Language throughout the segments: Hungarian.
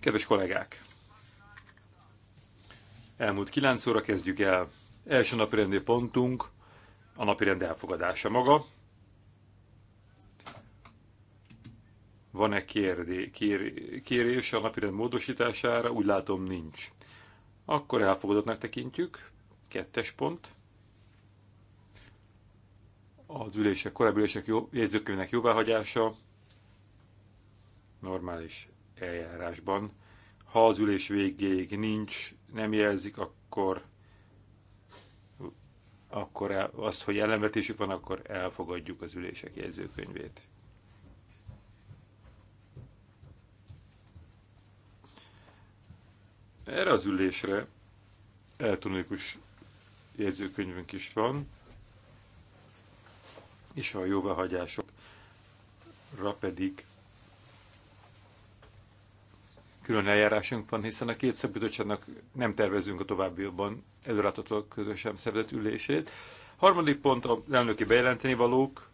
Kedves kollégák! Elmúlt 9 óra kezdjük el. Első napirendi pontunk a napirend elfogadása maga. Van-e kérdé, kér, kérés a napirend módosítására? Úgy látom nincs. Akkor elfogadottnak tekintjük. Kettes pont az ülések, korábbi ülések jó, jegyzőkönyvnek jóváhagyása, normális eljárásban. Ha az ülés végéig nincs, nem jelzik, akkor akkor az, hogy ellenvetésük van, akkor elfogadjuk az ülések jegyzőkönyvét. Erre az ülésre elektronikus jegyzőkönyvünk is van, és a jóváhagyásokra pedig külön eljárásunk van, hiszen a két szakbizottságnak nem tervezünk a jobban előrátatlan közösen szervezett ülését. Harmadik pont a elnöki bejelenteni valók.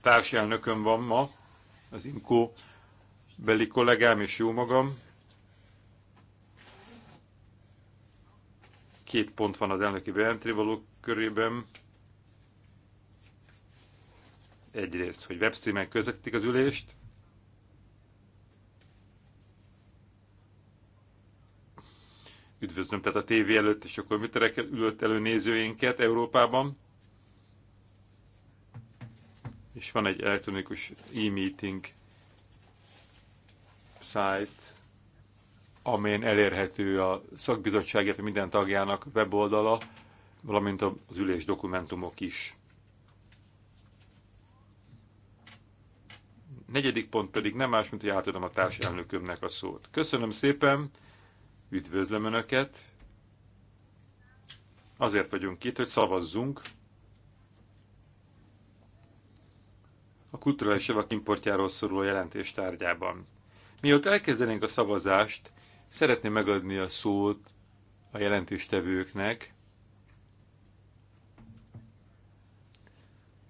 Társelnököm van ma, az Inkó beli kollégám és jó magam. Két pont van az elnöki bejelenteni valók körében. Egyrészt, hogy webstreamen közvetítik az ülést, Üdvözlöm tehát a tévé előtt és a komputerek ülött elő nézőinket Európában. És van egy elektronikus e-meeting site, amelyen elérhető a szakbizottság, minden tagjának weboldala, valamint az ülés dokumentumok is. negyedik pont pedig nem más, mint hogy átadom a társelnökömnek a szót. Köszönöm szépen, Üdvözlöm Önöket! Azért vagyunk itt, hogy szavazzunk a kulturális javak importjáról szóló jelentés tárgyában. Mielőtt elkezdenénk a szavazást, szeretném megadni a szót a jelentéstevőknek.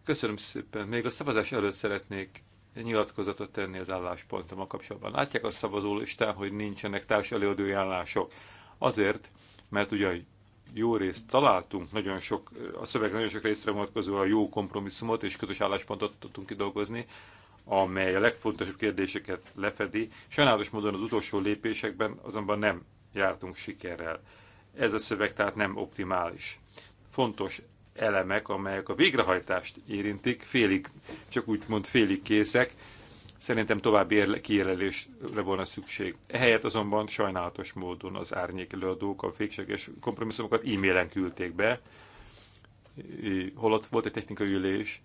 Köszönöm szépen. Még a szavazás előtt szeretnék nyilatkozatot tenni az álláspontom a kapcsolatban. Látják a listán, hogy nincsenek társ előadói állások. Azért, mert ugye jó részt találtunk, nagyon sok, a szöveg nagyon sok részre vonatkozó a jó kompromisszumot és közös álláspontot tudtunk kidolgozni, amely a legfontosabb kérdéseket lefedi. Sajnálatos módon az utolsó lépésekben azonban nem jártunk sikerrel. Ez a szöveg tehát nem optimális. Fontos elemek, amelyek a végrehajtást érintik, félig, csak úgy mond félig készek, szerintem további kijelölésre volna szükség. Ehelyett azonban sajnálatos módon az árnyék előadók a végséges kompromisszumokat e-mailen küldték be, holott volt egy technikai ülés,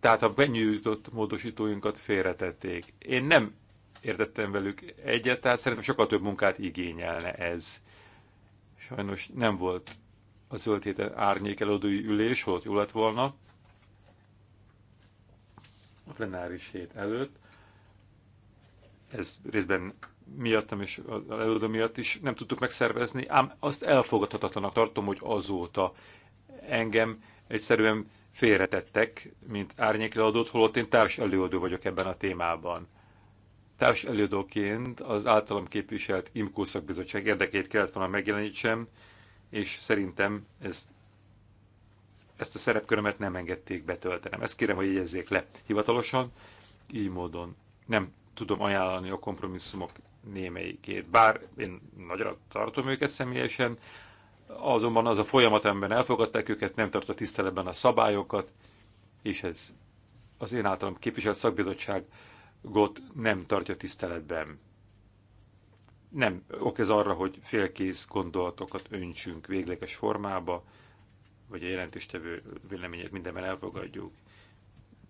tehát a benyújtott módosítóinkat félretették. Én nem értettem velük egyet, tehát szerintem sokkal több munkát igényelne ez. Sajnos nem volt a zöld héten árnyék ülés volt, jó lett volna a plenáris hét előtt. Ez részben miattam és az előadó miatt is nem tudtuk megszervezni, ám azt elfogadhatatlanak tartom, hogy azóta engem egyszerűen félretettek, mint árnyék holott én társ előadó vagyok ebben a témában. Társ előadóként az általam képviselt IMKO szakbizottság érdekét kellett volna megjelenítsem, és szerintem ez, ezt a szerepkörömet nem engedték betöltenem. Ezt kérem, hogy jegyezzék le hivatalosan, így módon nem tudom ajánlani a kompromisszumok némelyikét, bár én nagyra tartom őket személyesen, azonban az a folyamat, amiben elfogadták őket, nem tartott tiszteletben a szabályokat, és ez az én általam képviselt szakbizottságot nem tartja tiszteletben nem ok ez arra, hogy félkész gondolatokat öntsünk végleges formába, vagy a jelentéstevő véleményét mindenben elfogadjuk.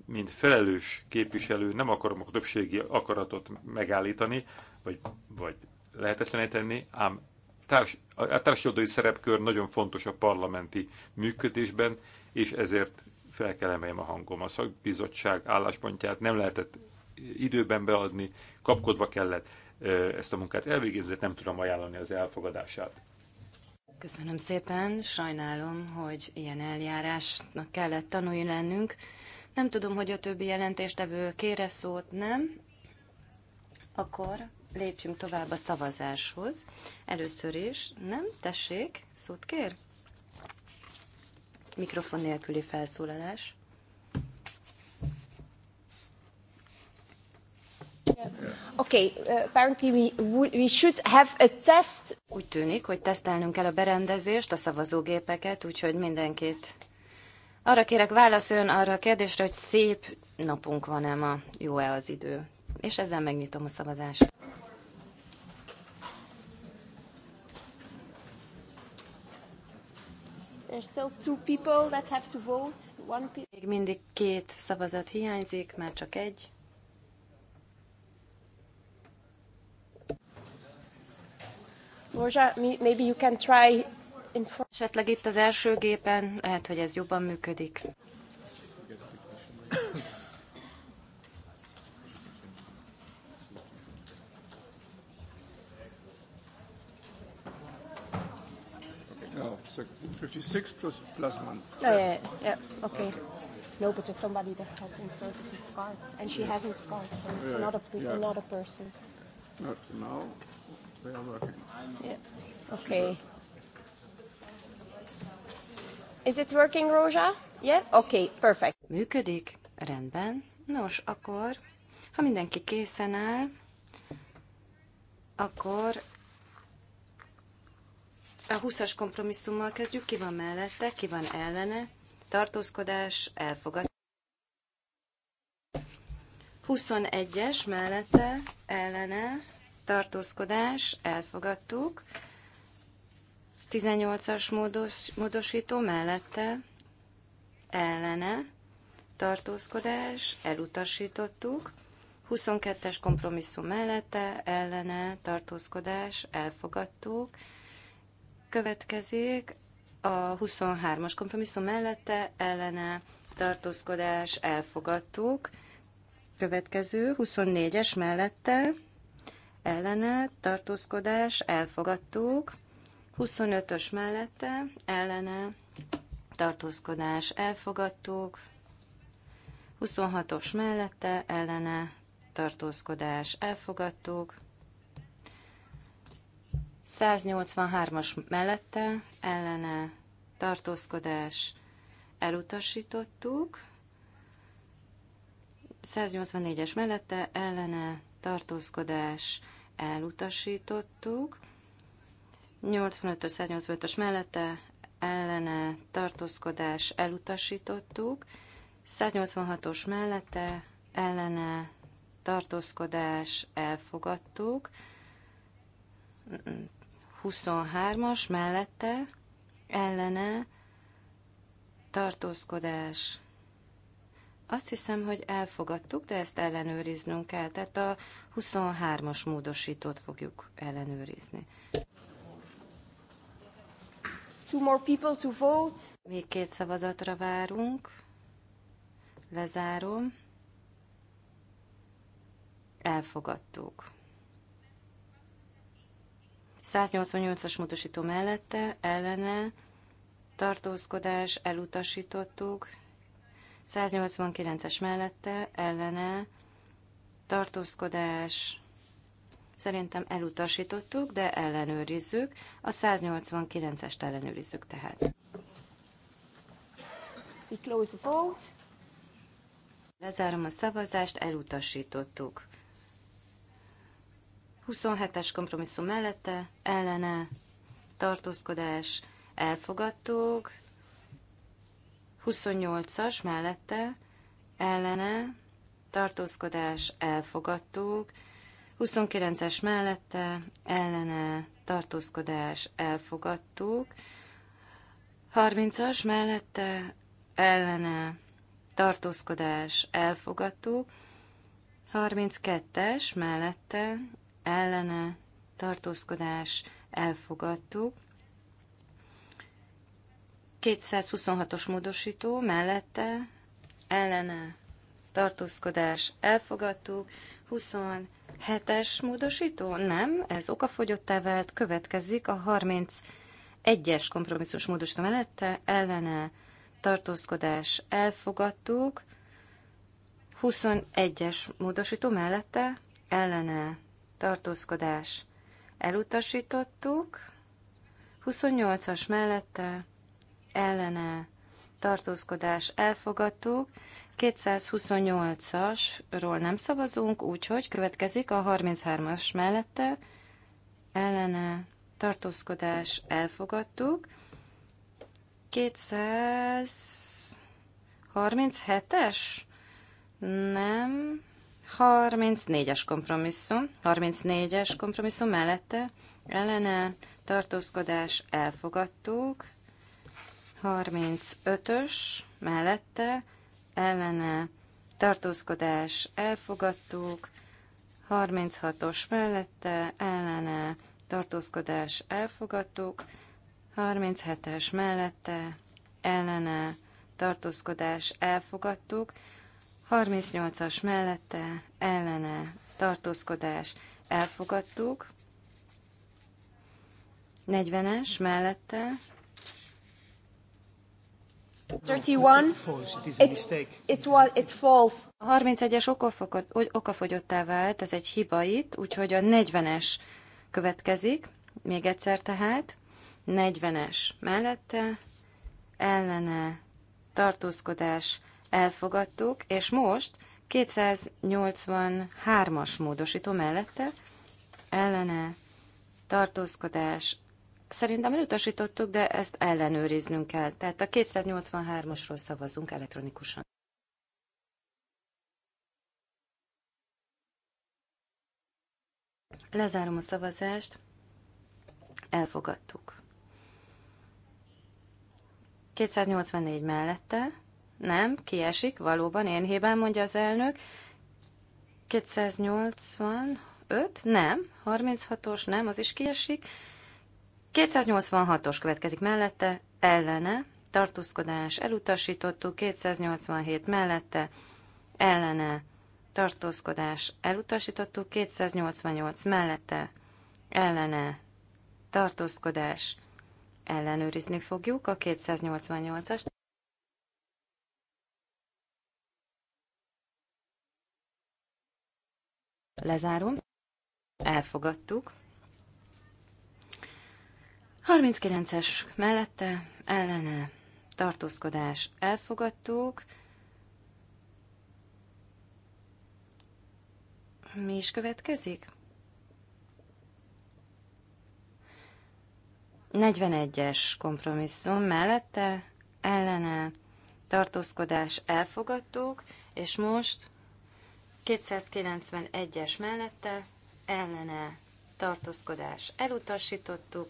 Mint felelős képviselő nem akarom a többségi akaratot megállítani, vagy, vagy lehetetlené tenni, ám társ, a társadalmi szerepkör nagyon fontos a parlamenti működésben, és ezért fel kell emeljem a hangom. A szakbizottság álláspontját nem lehetett időben beadni, kapkodva kellett ezt a munkát elvégezze, nem tudom ajánlani az elfogadását. Köszönöm szépen, sajnálom, hogy ilyen eljárásnak kellett tanulni lennünk. Nem tudom, hogy a többi jelentéstevő kére szót, nem? Akkor lépjünk tovább a szavazáshoz. Először is, nem? Tessék, szót kér? Mikrofon nélküli felszólalás. Uh, apparently we, we should have a test. Úgy tűnik, hogy tesztelnünk kell a berendezést, a szavazógépeket, úgyhogy mindenkit. Arra kérek válaszoljon arra a kérdésre, hogy szép napunk van-e ma, jó-e az idő. És ezzel megnyitom a szavazást. Még mindig két szavazat hiányzik, már csak egy. Rózsa, maybe you can try in Esetleg itt az első gépen, lehet, hogy ez jobban működik. Oh, so 56 plus, plus one. Oh, yeah, yeah, yeah, okay. No, but it's somebody that has inserted his cards, and she hasn't cards, so it's yeah, not a, yeah. not a person. Not now. Yeah. Okay. Is it working, Rózsa? Yeah? Okay, perfect. Működik? Rendben. Nos, akkor, ha mindenki készen áll, akkor a 20-as kompromisszummal kezdjük. Ki van mellette, ki van ellene? Tartózkodás, elfogad. 21-es mellette, ellene, tartózkodás, elfogadtuk. 18-as módos, módosító mellette, ellene, tartózkodás, elutasítottuk. 22-es kompromisszum mellette, ellene, tartózkodás, elfogadtuk. Következik a 23-as kompromisszum mellette, ellene, tartózkodás, elfogadtuk. Következő, 24-es mellette, ellene, tartózkodás, elfogadtuk. 25-ös mellette, ellene, tartózkodás, elfogadtuk. 26-os mellette, ellene, tartózkodás, elfogadtuk. 183-as mellette, ellene, tartózkodás, elutasítottuk. 184-es mellette, ellene, tartózkodás elutasítottuk. 85 185-ös mellette ellene tartózkodás elutasítottuk. 186-os mellette ellene tartózkodás elfogadtuk. 23-as mellette ellene tartózkodás azt hiszem, hogy elfogadtuk, de ezt ellenőriznünk kell. Tehát a 23-as módosítót fogjuk ellenőrizni. Two more people to vote. Még két szavazatra várunk. Lezárom. Elfogadtuk. 188-as módosító mellette, ellene, tartózkodás, elutasítottuk, 189-es mellette ellene tartózkodás szerintem elutasítottuk, de ellenőrizzük. A 189-est ellenőrizzük tehát. We close the vote. Lezárom a szavazást, elutasítottuk. 27-es kompromisszum mellette, ellene, tartózkodás, elfogadtuk. 28-as mellette ellene tartózkodás elfogadtuk, 29-es mellette ellene tartózkodás elfogadtuk, 30-as mellette ellene tartózkodás elfogadtuk, 32-es mellette ellene tartózkodás elfogadtuk, 226-os módosító mellette ellene tartózkodás elfogadtuk, 27-es módosító nem, ez okafogyottá vált, következik a 31-es kompromisszus módosító mellette ellene tartózkodás elfogadtuk, 21-es módosító mellette ellene tartózkodás elutasítottuk, 28-as mellette ellene tartózkodás elfogadtuk, 228-asról nem szavazunk, úgyhogy következik a 33-as mellette ellene tartózkodás elfogadtuk, 237-es? Nem. 34-es kompromisszum. 34-es kompromisszum mellette ellene tartózkodás elfogadtuk. 35-ös mellette ellene tartózkodás elfogadtuk, 36-os mellette ellene tartózkodás elfogadtuk, 37-es mellette ellene tartózkodás elfogadtuk, 38-as mellette ellene tartózkodás elfogadtuk, 40-es mellette 31. A 31-es okafogyottá vált, ez egy hiba itt, úgyhogy a 40-es következik, még egyszer tehát. 40-es mellette, ellene, tartózkodás, elfogadtuk, és most 283-as módosító mellette, ellene, tartózkodás, Szerintem elutasítottuk, de ezt ellenőriznünk kell. Tehát a 283-asról szavazunk elektronikusan. Lezárom a szavazást. Elfogadtuk. 284 mellette. Nem, kiesik, valóban én hibám, mondja az elnök. 285, nem, 36-os, nem, az is kiesik. 286-os következik mellette, ellene, tartózkodás elutasítottuk, 287 mellette, ellene, tartózkodás elutasítottuk, 288 mellette, ellene, tartózkodás ellenőrizni fogjuk a 288-ast. Lezárom. Elfogadtuk. 39-es mellette ellene tartózkodás elfogadtuk. Mi is következik? 41-es kompromisszum mellette ellene tartózkodás elfogadtuk, és most 291-es mellette ellene tartózkodás elutasítottuk,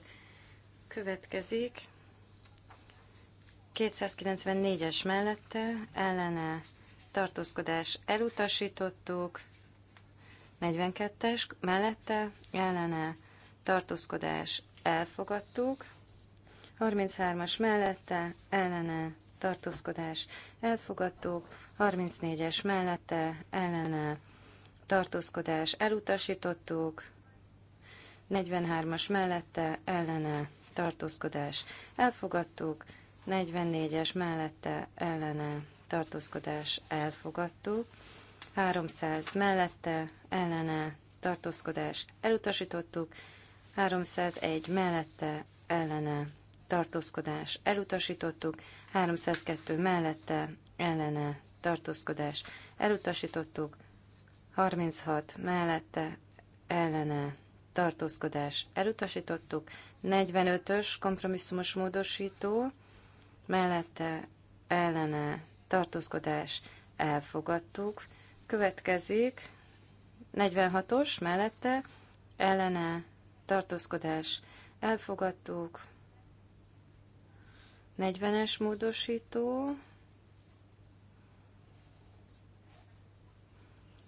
Következik 294-es mellette ellene tartózkodás elutasítottuk, 42-es mellette ellene tartózkodás elfogadtuk, 33-as mellette ellene tartózkodás elfogadtuk, 34-es mellette ellene tartózkodás elutasítottuk, 43-as mellette ellene tartózkodás elfogadtuk, 44-es mellette ellene tartózkodás elfogadtuk, 300 mellette ellene tartózkodás elutasítottuk, 301 mellette ellene tartózkodás elutasítottuk, 302 mellette ellene tartózkodás elutasítottuk, 36 mellette ellene tartózkodás elutasítottuk, 45-ös kompromisszumos módosító, mellette ellene tartózkodás elfogadtuk, következik 46-os mellette ellene tartózkodás elfogadtuk, 40-es módosító,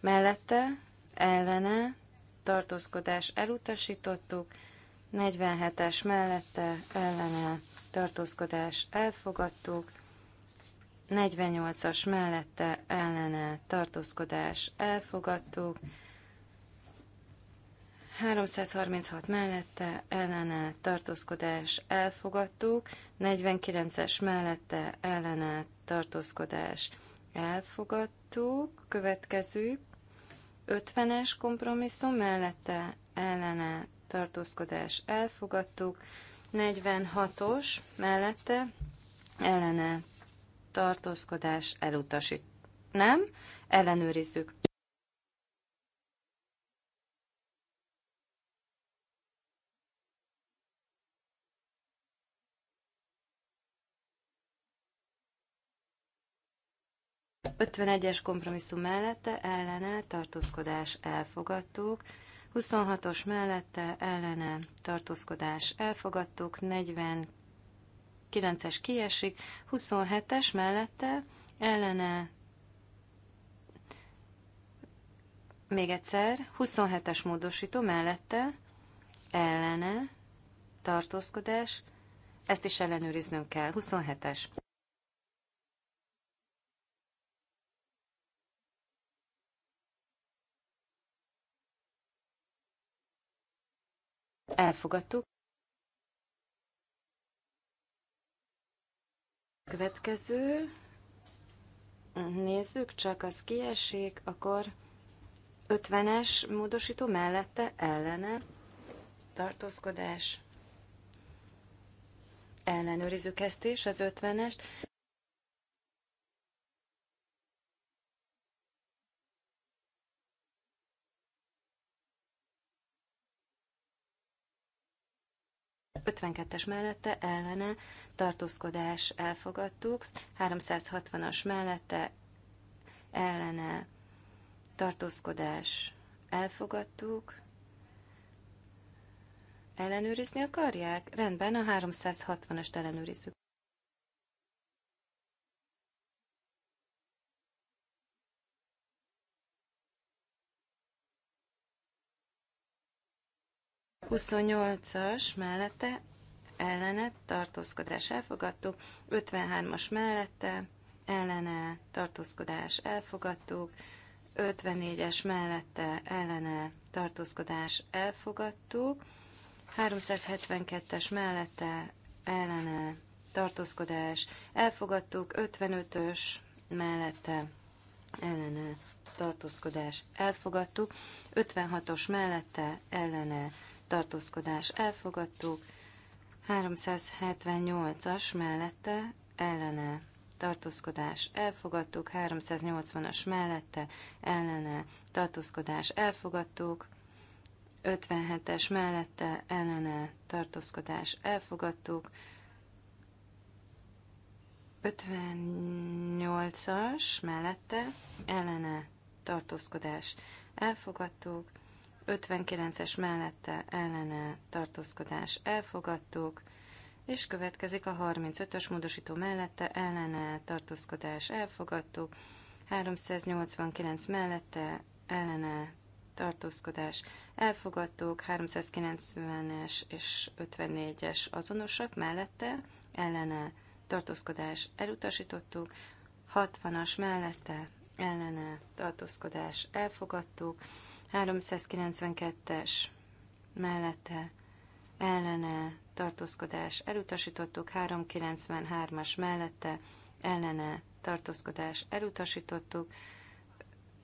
mellette ellene tartózkodás elutasítottuk, 47-es mellette ellene tartózkodás elfogadtuk, 48-as mellette ellene tartózkodás elfogadtuk, 336 mellette ellene tartózkodás elfogadtuk, 49-es mellette ellene tartózkodás elfogadtuk, következő 50-es kompromisszum mellette ellene tartózkodás elfogadtuk, 46-os mellette ellene tartózkodás elutasít. Nem, ellenőrizzük. 51-es kompromisszum mellette ellene tartózkodás elfogadtuk, 26-os mellette ellene tartózkodás elfogadtuk, 49-es kiesik, 27-es mellette ellene még egyszer, 27-es módosító mellette ellene tartózkodás, ezt is ellenőriznünk kell, 27-es. elfogadtuk. Következő, nézzük, csak az kiesik, akkor 50-es módosító mellette ellene tartózkodás. Ellenőrizzük ezt is, az 50-est. 52-es mellette ellene tartózkodás elfogadtuk, 360-as mellette ellene tartózkodás elfogadtuk. Ellenőrizni akarják? Rendben, a 360-ast ellenőrizzük. 28-as mellette ellene tartózkodás elfogadtuk, 53-as mellette ellene tartózkodás elfogadtuk, 54-es mellette ellene tartózkodás elfogadtuk, 372-es mellette ellene tartózkodás elfogadtuk, 55-ös mellette ellene tartózkodás elfogadtuk, 56-os mellette ellene tartózkodás elfogadtuk, 378-as mellette ellene tartózkodás elfogadtuk, 380-as mellette ellene tartózkodás elfogadtuk, 57-es mellette ellene tartózkodás elfogadtuk, 58-as mellette ellene tartózkodás elfogadtuk, 59-es mellette ellene tartózkodás elfogadtuk, és következik a 35-ös módosító mellette ellene tartózkodás elfogadtuk, 389 mellette ellene tartózkodás elfogadtuk, 390-es és 54-es azonosak mellette ellene tartózkodás elutasítottuk, 60-as mellette ellene tartózkodás elfogadtuk, 392-es mellette ellene tartózkodás elutasítottuk, 393-as mellette ellene tartózkodás elutasítottuk,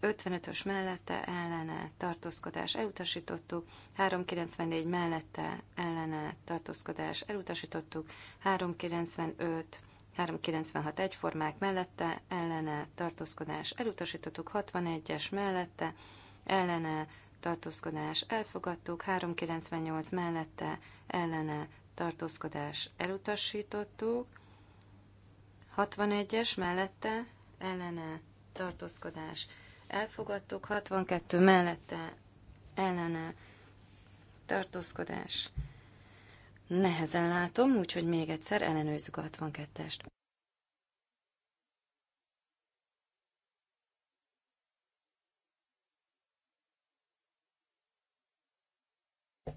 55-ös mellette ellene tartózkodás elutasítottuk, 394 mellette ellene tartózkodás elutasítottuk, 395 396 egyformák mellette ellene tartózkodás elutasítottuk, 61-es mellette ellene tartózkodás elfogadtuk, 398 mellette ellene tartózkodás elutasítottuk, 61-es mellette ellene tartózkodás elfogadtuk, 62 mellette ellene tartózkodás. Nehezen látom, úgyhogy még egyszer ellenőrizzük a 62-est.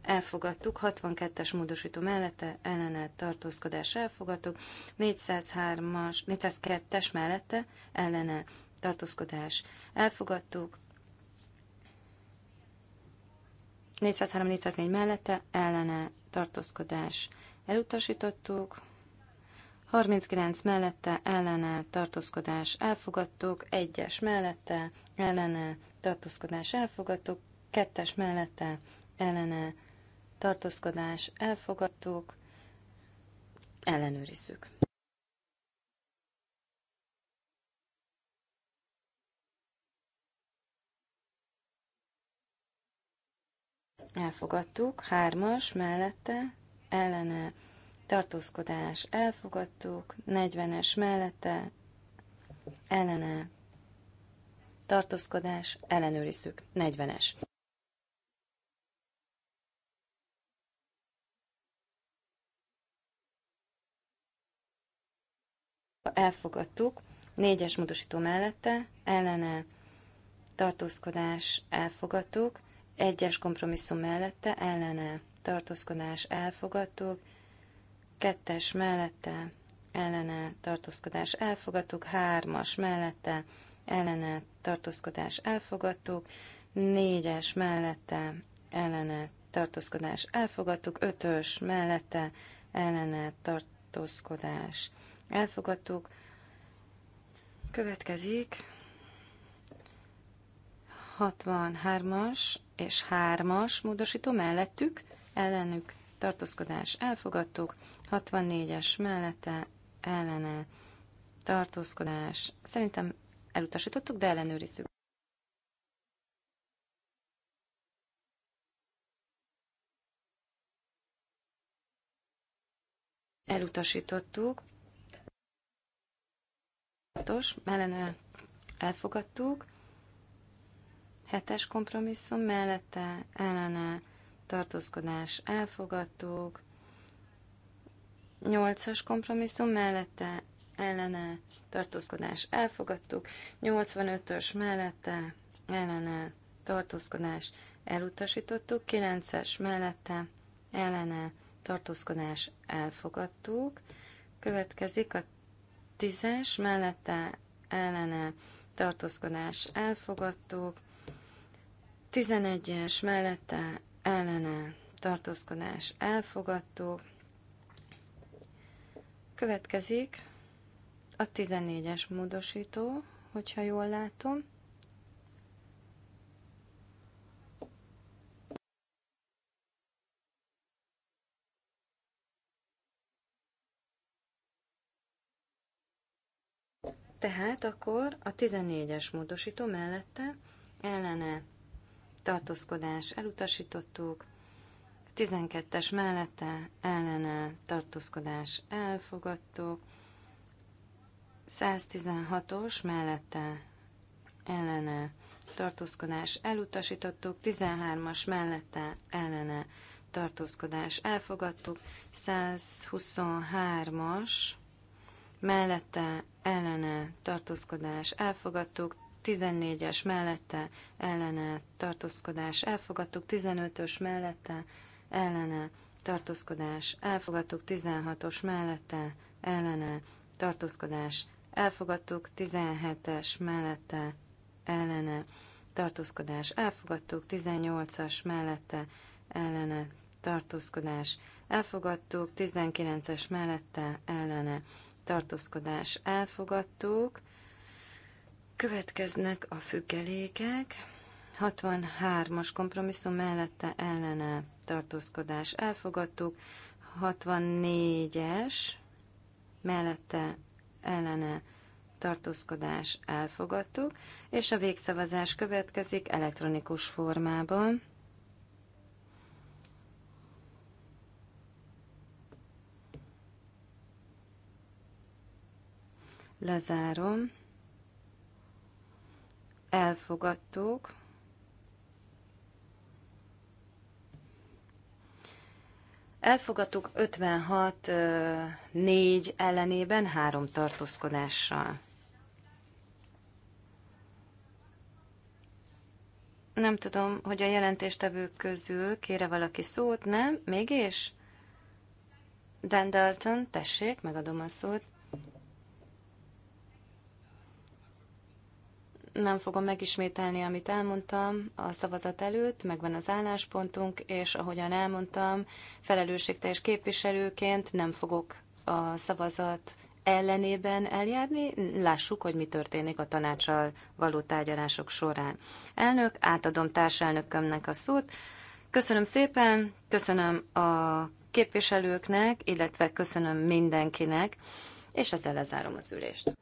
elfogadtuk, 62-es módosító mellette ellene tartózkodás elfogadtuk, 403-as, 402-es mellette ellene tartózkodás elfogadtuk, 403-404 mellette ellene tartózkodás elutasítottuk, 39 mellette ellene tartózkodás elfogadtuk, 1-es mellette ellene tartózkodás elfogadtuk, 2-es mellette ellene tartózkodás, elfogadtuk, ellenőrizzük. Elfogadtuk, hármas mellette, ellene, tartózkodás, elfogadtuk, Negyvenes mellette, ellene, tartózkodás, ellenőrizzük, Negyvenes. elfogadtuk, négyes módosító mellette, ellene tartózkodás elfogadtuk, egyes kompromisszum mellette, ellene tartózkodás elfogadtuk, kettes mellette, ellene tartózkodás elfogadtuk, hármas mellette, ellene tartózkodás elfogadtuk, négyes mellette, ellene tartózkodás elfogadtuk, ötös mellette, ellene tartózkodás elfogadtuk. Következik 63-as és 3-as módosító mellettük, ellenük tartózkodás elfogadtuk, 64-es mellette ellene tartózkodás. Szerintem elutasítottuk, de ellenőrizzük. Elutasítottuk, 6 mellene elfogadtuk, hetes kompromisszum mellette ellene tartózkodás elfogadtuk, nyolcas kompromisszum mellette ellene tartózkodás elfogadtuk, 85-ös mellette ellene tartózkodás elutasítottuk, 9-es mellette ellene tartózkodás elfogadtuk, következik a Tízes mellette ellene tartózkodás elfogadtuk. Tizenegyes mellette ellene tartózkodás elfogadtuk. Következik a tizennégyes módosító, hogyha jól látom. Tehát akkor a 14-es módosító mellette ellene tartózkodás elutasítottuk, 12-es mellette ellene tartózkodás elfogadtuk, 116-os mellette ellene tartózkodás elutasítottuk, 13-as mellette ellene tartózkodás elfogadtuk, 123-as mellette ellene tartózkodás elfogadtuk, 14-es mellette ellene tartózkodás elfogadtuk, 15-ös mellette ellene tartózkodás elfogadtuk, 16-os mellette ellene tartózkodás elfogadtuk, 17-es mellette ellene tartózkodás elfogadtuk, 18-as mellette ellene tartózkodás elfogadtuk, 19-es mellette ellene tartózkodás elfogadtuk. Következnek a függelékek. 63-as kompromisszum mellette ellene tartózkodás elfogadtuk. 64-es mellette ellene tartózkodás elfogadtuk, és a végszavazás következik elektronikus formában. Lezárom. Elfogadtuk. Elfogadtuk 56 4 ellenében három tartózkodással. Nem tudom, hogy a jelentéstevők közül kére valaki szót, nem? Mégis? Dan Dalton, tessék, megadom a szót. nem fogom megismételni, amit elmondtam a szavazat előtt, megvan az álláspontunk, és ahogyan elmondtam, felelősségteljes képviselőként nem fogok a szavazat ellenében eljárni. Lássuk, hogy mi történik a tanácsal való tárgyalások során. Elnök, átadom társelnökömnek a szót. Köszönöm szépen, köszönöm a képviselőknek, illetve köszönöm mindenkinek, és ezzel lezárom az ülést.